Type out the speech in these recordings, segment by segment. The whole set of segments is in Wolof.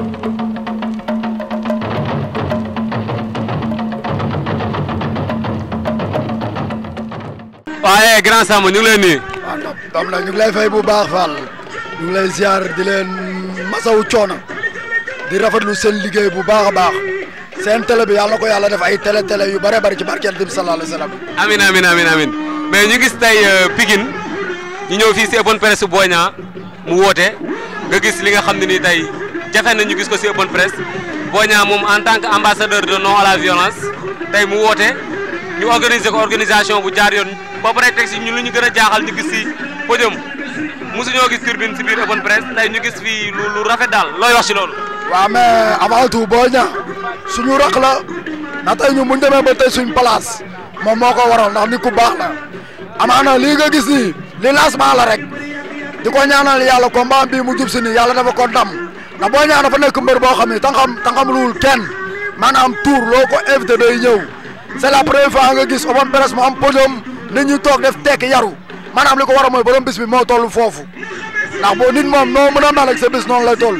waaye grand Samb ñu ngi lay nuyu. waaw ah, ndam la ñu ngi lay fay bu baax Fall ñu ngi lay ziar di leen masawu coono di rafetlu seen liggéey bu baax a baax seen télé bi yàlla na ko yàlla def ay télé télé yu bare bëri ci barkeel bi sallallahu alayhi wa sallam. amiin amiin mais ñu gis tey euh, Pikine ñu ñëw fii si open presse mu woote nga gis li nga xam ne ni tey jafé nañu gis ko ci open press boña mom en tant que ambassadeur de non à la violence tay mu woté ñu organiser ko organisation bu jaar yon ba bari teg ci ñu luñu gëna jaaxal ñu gis ci podium ñoo gis turbine ci biir open press tay ñu gis fi lu lu rafet dal loy wax ci loolu wa mais avant tout boña suñu rak la na tay ñu buñ demee ba tay suñu place mom moko waral ndax nit ku baax la amana li nga gis ni li lancement la rek diko ko ñaanal yàlla combat bi mu jup si nii dafa ko dam na bo ñaan dafa nek mbër bo xamni tankam tankam luul kenn maanaam tour loko ko day ñew c'est la première fois nga gis open press mo am podium ni ñu tok def tek yaru maanaam li ko war a borom bis bi mo tollu fofu ndax bo nit mom no mën mal ak sa bis non lay toll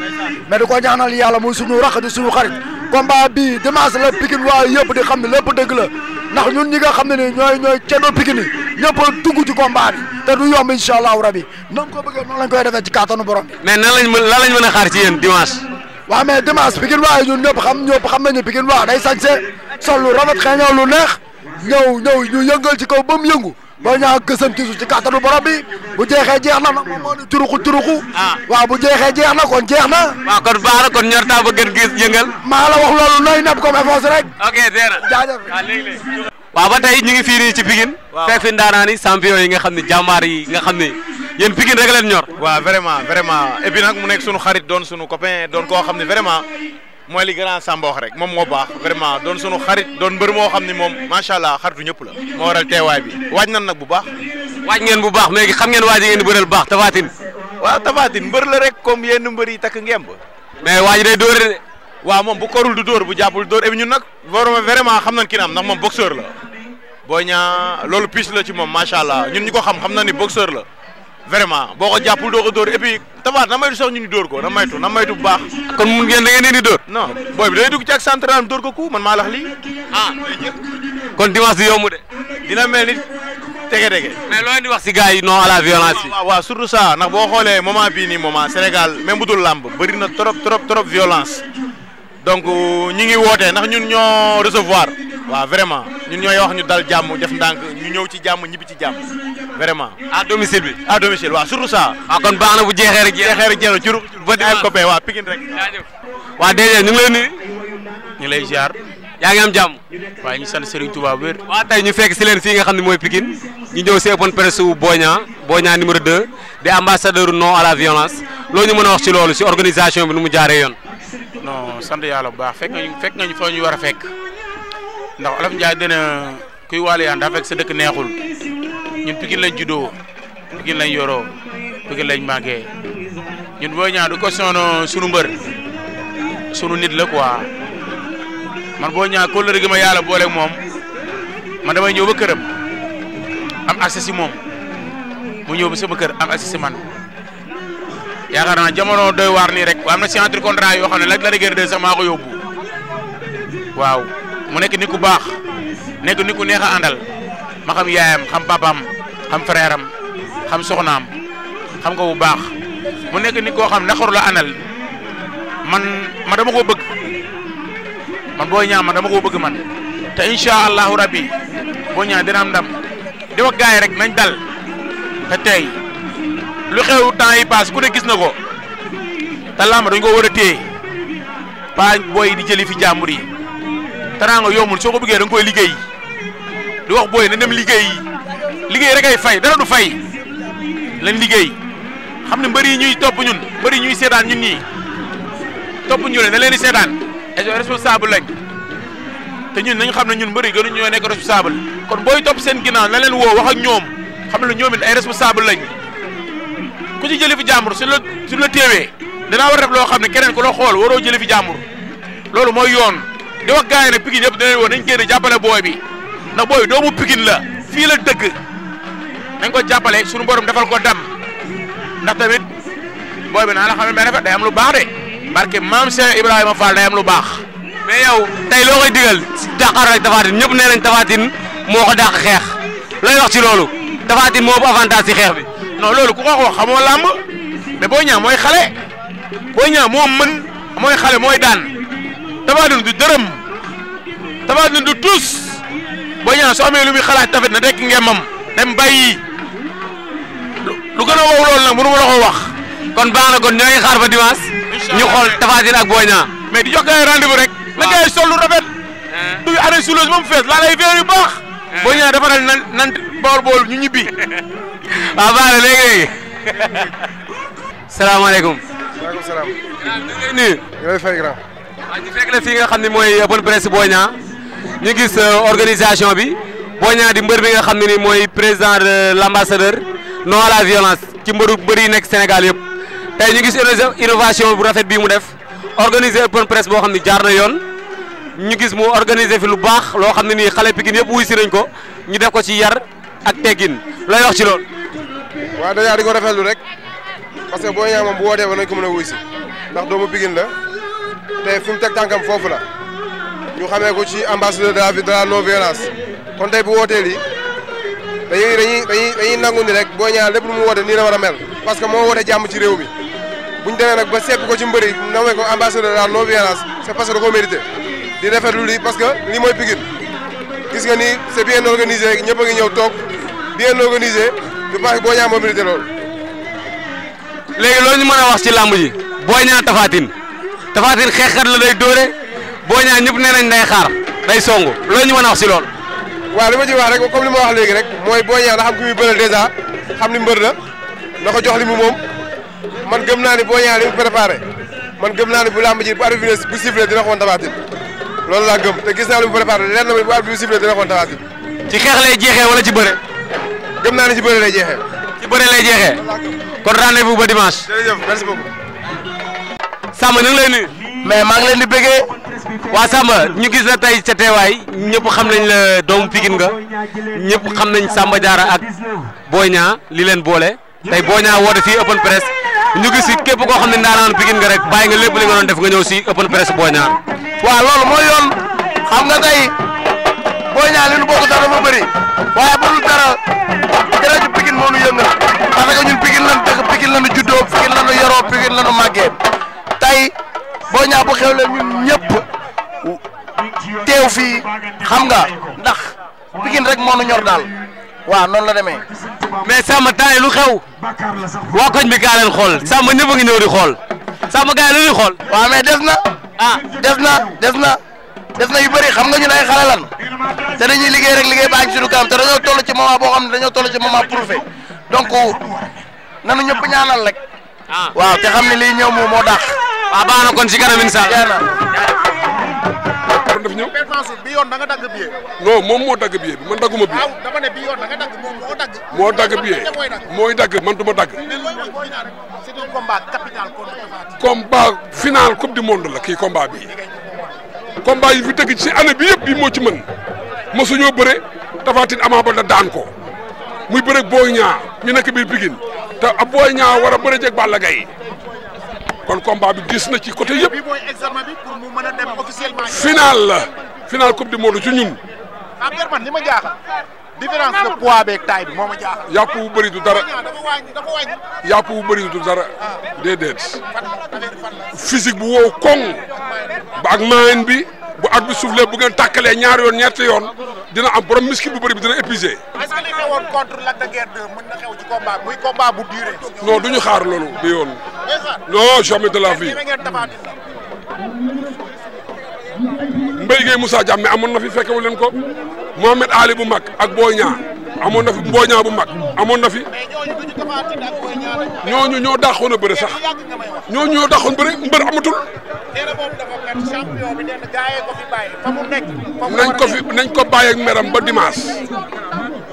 mais diko ñaanal yalla moy suñu rax di suñu xarit combat bi dimanche la Pikine wa yépp di xamni lepp deug la ndax ñun ñi nga xamni ñoy ñoy Pikine ñëpp ya, dugg ci combat bi te du yomb ya, incha allahu rabi nan ko bëggee noonu lañ koy defee ci kattanu borom bi. mais nan lañ mën lan lañ mën a xaar ci yéen dimanche. waaw mais dimanche Pikine waaye ñun ñëpp xam ñëpp xam nañu Pikine waa day sañse sol lu rafet lu neex ñëw ñëw ñu yëngal ci kaw ba yëngu. boo ñaax gësam ci suuf ci kattanu borom bi bu jeexee jeex na nag moom di turuxu turuxu. waaw bu jeexee jeex na kon jeex na. waaw kon baax na kon ñor taa ba gën gis yëngal. maa la wax loolu nooy nepp comme éponge rek. ok dee na jaajëf wa ba tay ñu ngi fii nii ci pigine fekk fi ndaanaan champion yi nga xamni jamar yi nga xamni yeen pigine rek leen ñor wa vraiment vraiment et puis nak mu nek suñu xarit doon suñu copain doon ko xamni vraiment moy li grand sambo wax rek mom mo bax vraiment doon suñu xarit doon mbeur mo xamni mom machallah xartu ñepp la mo waral teway bi waaj nan nak bu bax waaj ngeen bu bax legi xam ngeen waaj ngeen di bëral baax Tapha Tine waaw Tapha la rek comme yeen mbeuri tak ngemb mais waaj day door wa mom bu korul du door bu jappul door et ñun nak vraiment vraiment xam nañ ki na am ndax moom boxeur la boña lolou pis la ci mom machallah ñun ñu xam xam na ni boxeur la vraiment boko jappul doko dor et puis tabar na maytu sax ñu ni dor ko na maytu na maytu bu baax kon mu ngeen da ngeen ni dor non boy bi day dug ci ak central dor ko ku man ma lax lii ah kon dimanche di yomb de dina mel ni tege tege mais loy di wax ci gaay yi non à la violence wa wa surtout ça nak bo xolé moment bi ni moment Sénégal même bu dul làmb na trop trop trop violence donc ñi ngi woté nak ñun ño recevoir wa vraiment ñun ñooy wax ñu dal jamm def ndank ñu ñew ci jamm ñibi ci jamm vraiment. à domicile bi à domicile wa surtout ça. a ah, kon baax bu jeexee rek jeexee rek jeexee jur. ba di ay copain waaw Pikine rek. wa dédé ñu ngi lay nuyu. ñu lay ziar. ya ngi am jamm wa ñu sant Serigne Touba bu wa tay ñu fekk ci len fi nga xamni moy Pikine ñu ñew si presse wu Boña Boña numéro 2 des ambassadeurs non à la violence Lo ñu mën a wax ci lolu ci organisation bi nu mu jaaré yoon non sant yàlla bu baax fek nga ñu fekk nga ñu foo ñu war a fekk ndax olof Ndiaye dina kuy wàll yaan daa fekk sa dëkk neexul ñun Pikine lañ juddoo Pikine lañ yoroo Pikine lañ màggee ñun boo ñaa du ko sono sunu mbër sunu nit la quoi man boo ñaa kóllëre gi ma yàlla boole mom man damay ñëw ba am accès si moom mu ñëw ba sama kër am accès man yaakaar naa jamono doy waar nii rek am na signature contrat yoo xam ne Lac de Guiers 2 sax maa ko yóbbu waaw mu nekk nit ku baax nekk nit ku neex a àndal ma xam yaayam xam papaam xam frère xam soxnaam xam ko bu baax mu nekk nit koo xam naqaru la àndal man ma dama ko bëgg man boo ñaa man dama ko bëgg man te incha allahu rabbi boo ñaa dina am ndam di wax yi rek nañ dal te tey. lu xew temps yi pass ku ne gis na ko te làmb dañ ko war a téye pa booy di jëli fi jàmbur yi teraanga yombul soo ko bëggee da nga koy liggéey di wax booy na dem liggéey liggéey rek ay fay dara du fay lañ liggéey xam ne mbër ñuy topp ñun mbër ñuy seetaan ñun ñii topp ñu ne na leen di seetaan ay responsable lañ te ñun nañ xam ne ñun mbëri gënu ñoo nekk responsable kon booy topp seen ginnaaw na leen woo wax ak ñoom xam ne ñoom it ay responsable lañ ku ci jëli fi jàmbur suñ la suñ la téewee danaa war loo xam ne keneen ku la xool waroo jëli fi jàmbur loolu mooy yoon di wax gars yi nag Pikine yëpp dinañ woon nañ génn jàppale booy bi ndax booy bi doomu Pikine la fii la dëkk nañ ko jàppale suñu borom defal ko dam ndax tamit booy bi naa la xam ne rafet day am lu baax de barke maam se Ibrahima Fall day am lu baax. mais yow tey loo koy digal dàqaar rek Tapha Tine ñëpp nee nañ Tapha Tine moo ko dàq xeex looy wax ci loolu Tapha moo avantage ci xeex bi. non loolu ku ko wax xamoo làmb mais bo ñaan moy xalé bo ñaan mo mën moy xalé moy daan tabadun du deureum tabadun du tous bo ñaan so amé lu mi xalaat tafet na rek ngemmam dem bayyi lu gëna waw wow nak nag mënu waxo wax. kon baana kon ñoy xaar fa dimas ñu xol tafadil ak Boy mais di jokkay rendez-vous rek. la ngay solo sol lu rafet. du arrêt soulage moom fees laa lay verre yu baax. Boy dafa dal nan. bool bool ñu ñibbi. waaw ah, baax na léegi léegi. salaamaaleykum. waaleykum salaam. Ah, ah, ñu fekk la fii nga xam ne mooy bonne euh, presse Boy ñu gis euh, organisation bi Boy Niang di mbër bi nga xam ne ni mooy président de l' ambassadeur non la violence ci mbëru mbër yi nekk Sénégal yëpp tey ñu gis innovation bu rafet bii mu def organiser bonne presse boo xam ne jaar na yoon ñu gis mu organiser fi lu baax loo xam ne nii xale Pikine yëpp wuy si nañ ko ñu def ko ci yar. ak teggin la wax ci loolu. waaw dèjà di ko rafetlu rek parce que boo ñëwee moom bu wootee ba nañ ko mën wuy si ndax doomu Pikine la tey fi mu teg tànkam foofu la ñu xamee ko ci ambassadeur de la de la non violence kon tey bu wootee lii dañuy dañuy nangu ni rek boo ñëwaat lépp lu mu woote nii la war a mel parce moo woote jàmm ci réew mi bu ñu demee nag ba sepp ko ci mbëri nawee ko ambassadeur de la non violence c'est parce que da koo di rafetlu lii parce lii mooy Pikine. gis nga ni c'est bien organisé ñëpp a ngi ñëw toog bien organisé je pense Boy Niang moo mérité loolu. léegi loolu ñu mën a wax ci làmb ji Boy Niang Tapha Tine Tapha Tine xeexkat la day dóore Boy Niang ñëpp nee nañ day xaar day songu loolu ñu mën a wax ci loolu. waaw li ma ci wax rek comme li ma wax léegi rek mooy booñaa Niang da xam ki xam ni mbër la na ko jox li mu moom man gëm naa ni Boy Niang li mu préparé man gëm naa ni bu làmb ji bu arrivé bu sifflé dina xoon Tapha loolu laa gëm te gis naa lu mu préparé leer na ma bu arbitre bi sifflé dina xoon Tapha Tine ci xeex lay jeexee wala ci bëre gëm naa ne ci bëre lay jeexee ci bëre lay jeexee kon rendez-vous ba dimanche jërëjëf merci beaucoup Samba mais maa ngi leen di bëggee waa Samba ñu gis la tey sa teewaay ñëpp xam nañ la doomu Pikine nga ñëpp xam nañ Samba Diarra ak Boy Niang li leen boole tey Boy Niang woote fii open press ñu gis fi képp xam ne ndaanaan Pikine nga rek bàyyi nga lépp li waaw loolu moo yoon xam nga tey boo ñaan li nu bokk sax dafa bëri waaye bu dul dara dara ju Pikine moo nu yëngal parce que ñun Pikine lan dëkk Pikine lanu juddoo Pikine lanu yoroo Pikine lanu màggee tey boo ñaa bu xewle ñun ñëpp teew fii xam nga ndax Pikine rek moo nu ñor daal waa noonu la demee. mais sama taay lu xew waa koñ bi kaa xool sama ñëpp a ngi ñëw di xool sama gars yi xool. waaw mais des na. ah def na def na def na yu bëri xam nga ñu ay xale lan te dañuy liggéey rek liggéey baa ngi suñu kanam te dañoo toll ci moment boo xam ne dañoo toll ci moment prouvé donc nanu ñëpp ñaanal rek. Ah. waaw te xam ne lii ñëw moom moo dàq. waaw baax na kon si kanam incha allah. kon daf ñëw bi yoon da nga dagg billet. non moom moo dagg billet bi man dagguma billet. waaw dama ne bi yoon da nga dagg moom moo dagg. moo dagg billet mooy dagg man du dagg. combat final coupe du monde la kii combat bi combat yi fi tëgg ci année bi yëpp yi moo ci mën mosuñoo bëre Tapha Tine Ama Baldé daan ko muy bëre Boy Niang ñu nekk biir Pikine te ab Boy Niang war a bëre jeg Balla Gaye kon combat bi gis na ci côté yëpp final la final coupe du monde ci ñun. ah li ma jaaxal différence de poids avec taille moma Ya ma jaaxal. yàpp wu du dara yàpp wu bëri du dara ah. déedéet physique bu wo kong ba ak main bi bu ak bi soufflé bu ngeen tàkkalee ñaar yoon ñetti yoon dina am borom miski bu beuri bi dina épuiser est-ce que li xewoon contre Lac de Guiers na xew ci combat muy combat bu non duñu xaar lolu bi yoon. non jamais de la vie. Mbaye Moussa jamme amon na fi fekkewulen ko. Mohamed Ali bu mag ak Boy Niang amoon na fi Boy Niang bu mag amoon na fi ñooñu ñoo dàqoon a bëre sax ñooñu ñoo a bëre mbër amatul. nañ ko fi nañ ko bàyyeeg meram ba dimanche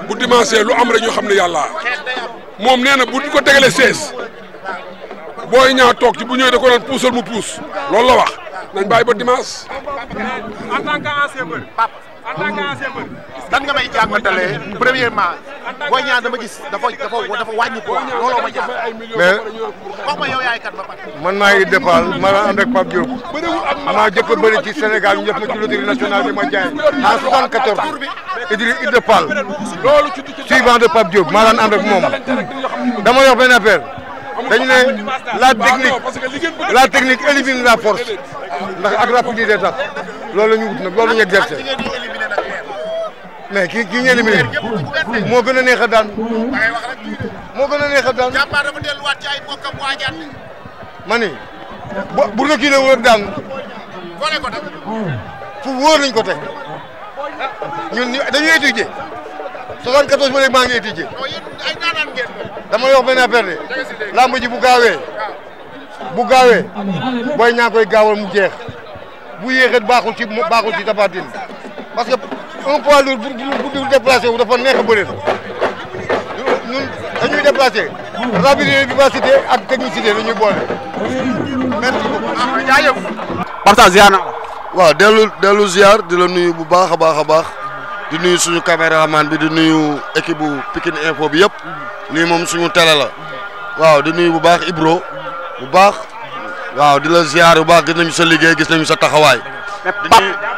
bu dimanche lu am rek ñu xam ne yàlla moom nee bu bu ko tegalee 16 Boy Niang toog ci bu ñëwee da ko naan puusal mu puus lool la wax nañ bàyyi ba dimanche. dan nga may jàngatalee premièrement Boy Niang dama gis dafa dafa dafa wàññi ko looloo ma jaaxal. mais wax ma yow yaay kat ba pare. man maa ngi la ànd ak a bëri ci Sénégal ñu def ma ci loterie nationale bi ma jaay à 74 Idri Idda Pall suivant de Pape Diop maa daan ànd moom dama yox benn affaire dañu ne la technique la technique élimine la force ndax ak rapidité tax loolu la ñu wut loolu la ñu exercer. mais ki ki ngeen éliminé moo gën a neex a daan moo gën a neex a daan jàmbaar dafa delluwaat ci ay bokkam waajaat ma ni bu nga kii la wër daan boole ko teg fu wóor lañ ko teg ñun dañuy étudier 74 ba léegi maa ngi étudier ay naanaan ngeen dama yox benn affaire de lamb ji bu bu gaawee booy ñaa koy mu jeex bu yéexet baaxul ci baaxul ci tabatin parce que un poids lourd bu bu bu déplacé wu dafa neex a bëri ñun dañuy déplacé rapidité vivacité ak technicité dañuy boole. merci beaucoup ah, waaw dellu dellu ziar di la nuyu bu baax a baax a baax di nuyu suñu caméraman bi di nuyu équipe bu Pikine Info bi yëpp lii moom suñu télé la waaw di nuyu bu baax Ibro bu baax waaw di la ziar bu baax gis nañu sa liggéey gis nañu sa taxawaay.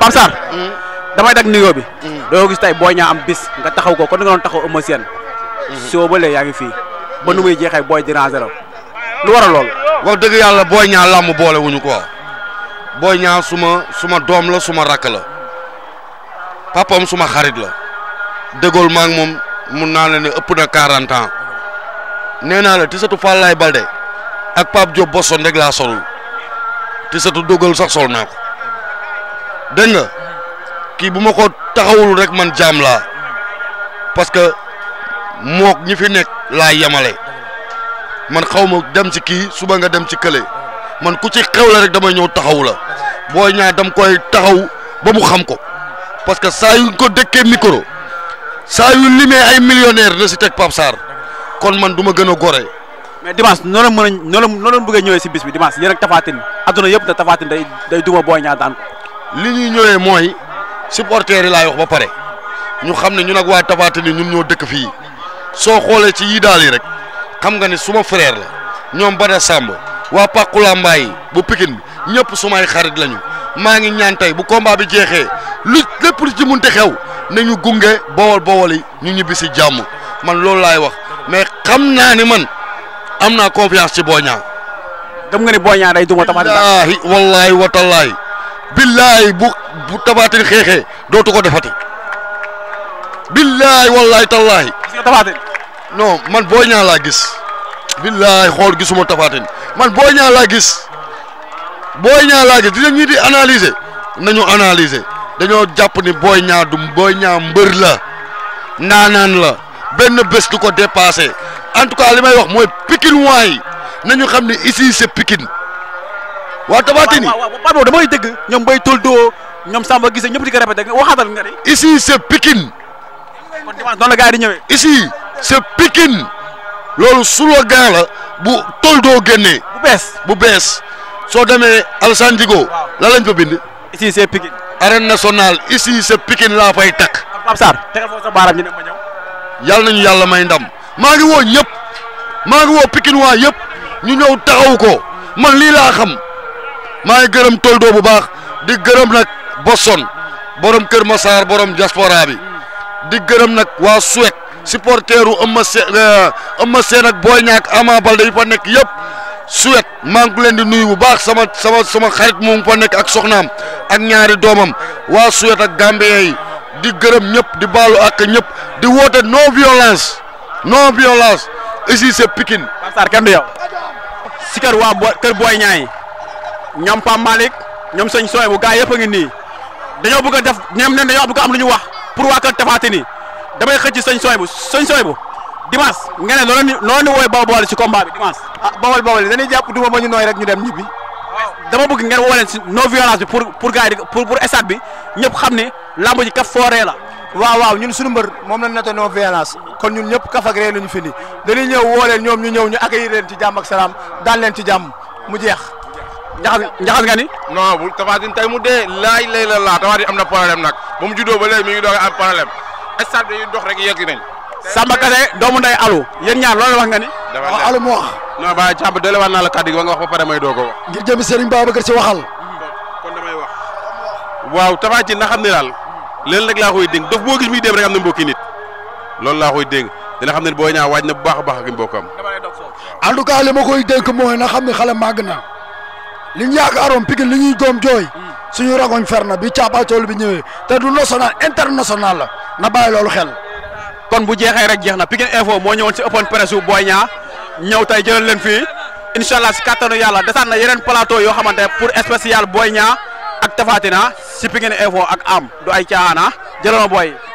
mais damay dag nuyo bi mm. do gis tay booy ñaa am bis nga taxaw ko kon nga don taxaw ëma so bele ba lee ngi fii ba nu muy jeexee booy di rangéraw lu wara lol loolu wax dëgg yàlla booy lam boole wuñu ko booy ñaa suma suma dom la suma rak la papam suma xarit la degol ma ak mom mu naa la ne ëpp na 40 ans neena la tisatu fallay Balde ak pap job Bosson rek la solul tisatu dogal sax sol naa ko dégg nga ki bu mako taxawul rek man jam la parce que mok ñi fi nek la man xaw dem ci ki suba nga dem ci kele man ku ci xew la rek damay ñew taxawu la ñaa dam koy taxaw ba mu xam ko parce que sa yu ko dëkkee micro sa yu limé ay millionnaire na ci tek pap sar kon man duma gëna goré gore mais dimanche noo la mën la noo la bëgg leen ci bis bi dimanche yéen ak Tapha aduna da day day duma ñaa daan li ñuy ñëwé moy supporters yi laay wax ba pare ñu xam ne ñun ak waa Tapha Tine ñun ñoo dëkk fii soo xoolee ci yii daal yi rek xam nga ne suma frère la ñoom ba Samb waa Pàqula Mbaay bu Pikine bi ñëpp sumay xarit lañu maa ngi ñaan tey bu combat bi jeexee lu lépp lu ci munti xew ñu gunge bowal bowal ñu ñibbi si jàmm man loolu laay wax mais xam naa ne man am naa confiance ci Boy Niang gëm nga ni Boy Niang day duma Tapha Tine wallaahi wallaahi watallaahi billaahi bu bu Tafatin xeexee dootu ko defati. billaay wallaay tallaay. non man booy ñaa la gis. billaay xool gisuma Tafatin man booy ñaa laa gis booy ñaa laa gis dinañ ñi di nañu analyser dañoo jàpp ni booy ñaa du booy ñaa mbër la naanaan la benn bés du ko dépassé en tout cas li may wax mooy Pikine waay nañu xam ne ici c'est waa Tafatin yi waaw waaw waaw damay dégg ñoom Samba gisé ñëpp di ko répété waxatal nga ni. ici c'est Pikine. kon dimanche noonu la gaay di ñëwé ici c'est Pikine. lolu slogan la bu tol do génnee. bu bess bu bess So démé Alassane Djigo. la lañ fa bind. ici c'est Pikine. arène nationale ici c'est Pikine la fay tak am sar tegal foofu sa baram ñu ne ma ñëw. yalla nañu yalla may ndam. ma ngi wo ñëpp. ma ngi wo Pikine wa yëpp. ñu ñëw taxaw ko. man li la xam. maa ngi gërëm tool bu baax. di gërëm nak boson, borom keur Massar borom diaspora bi di gërëm nak wa suek supporteru Eumeu se eh, Eumeu se nak Boy ñak Ama Baldé yi fa nek yeb suek ma ngi leen di nuyu bu baax sama sama sama xarit mu ngi fa nek ak soxnam ak ñaari domam wa ak gambie yi di gërëm ñep di balu ak ñep di wote no violence no violence ici c'est Pikine. Massar kenn yow. si wa keur Boy ñay ñom ñoom malik ñom ñoom Soye bu gaay yepp ngi dañoo bëgg a def ñoom ne dañoo bëgg a am lu ñu wax pour waa kër Tapha Tine damay xëcc ci sëñ sooy bu sëñ sooy bu dimanche nga ne noonu noonu wooy bawol bawol ci combat bi dimanche ah bawol bawol dañuy jàpp duma ma ñu nooy rek ñu dem ñibbi dama bëgg ngeen woo leen ci non violence bi pour pour gars yi pour pour stade bi ñëpp xam ne lamb ji kaf fooree la waaw waaw ñun suñu mbër moom lañ nate non violence kon ñun ñëpp kaf ak ree lañu fi ni dañuy ñëw woo leen ñoom ñu ñëw ñu accueillir leen ci jàmm ak salaam daal leen ci jàmm mu jeex njaxas njaxas nga ni. non bu Tafatine tey mu dee laaj lay la laa Tafatine am na problème nag ba mu juddoo ba léegi mi ngi doog am problème stade bi dox rek yegg nañ. Samba Kase doomu nday alu yéen ñaar loolu wax nga alu mu wax. non ba càmb doole waat naa la kàddu gi ba nga wax ba pare may doog a wax. ngir jëm Serigne Babacar si waxal. kon damay wax. waaw Tafatine na xam ne daal leen rek laa koy dénk dof boo gis muy dem rek am na mbokki nit loolu laa koy dénk dina xam ne booy ñaa waaj bu baax baax ak mbokkam. en tout cas li xam ne xale màgg na li ñu yaakaaroon Pikine li ñuy doom jooy suñu rangoñ fer na bi caapaatool bi ñëwee te du national international la na bàyyi loolu xel. kon bu jeexee rek jeex na Pikine Info moo ñëwoon si open press bu Boy Niang ñëw tey jëlal leen fii incha allah si kattanu yàlla desaat na yeneen plateau yoo xamante pour spécial booy Niang ak Tapha Tine si Pikine Info ak am du ay caaxaan ah jëlal ma booy.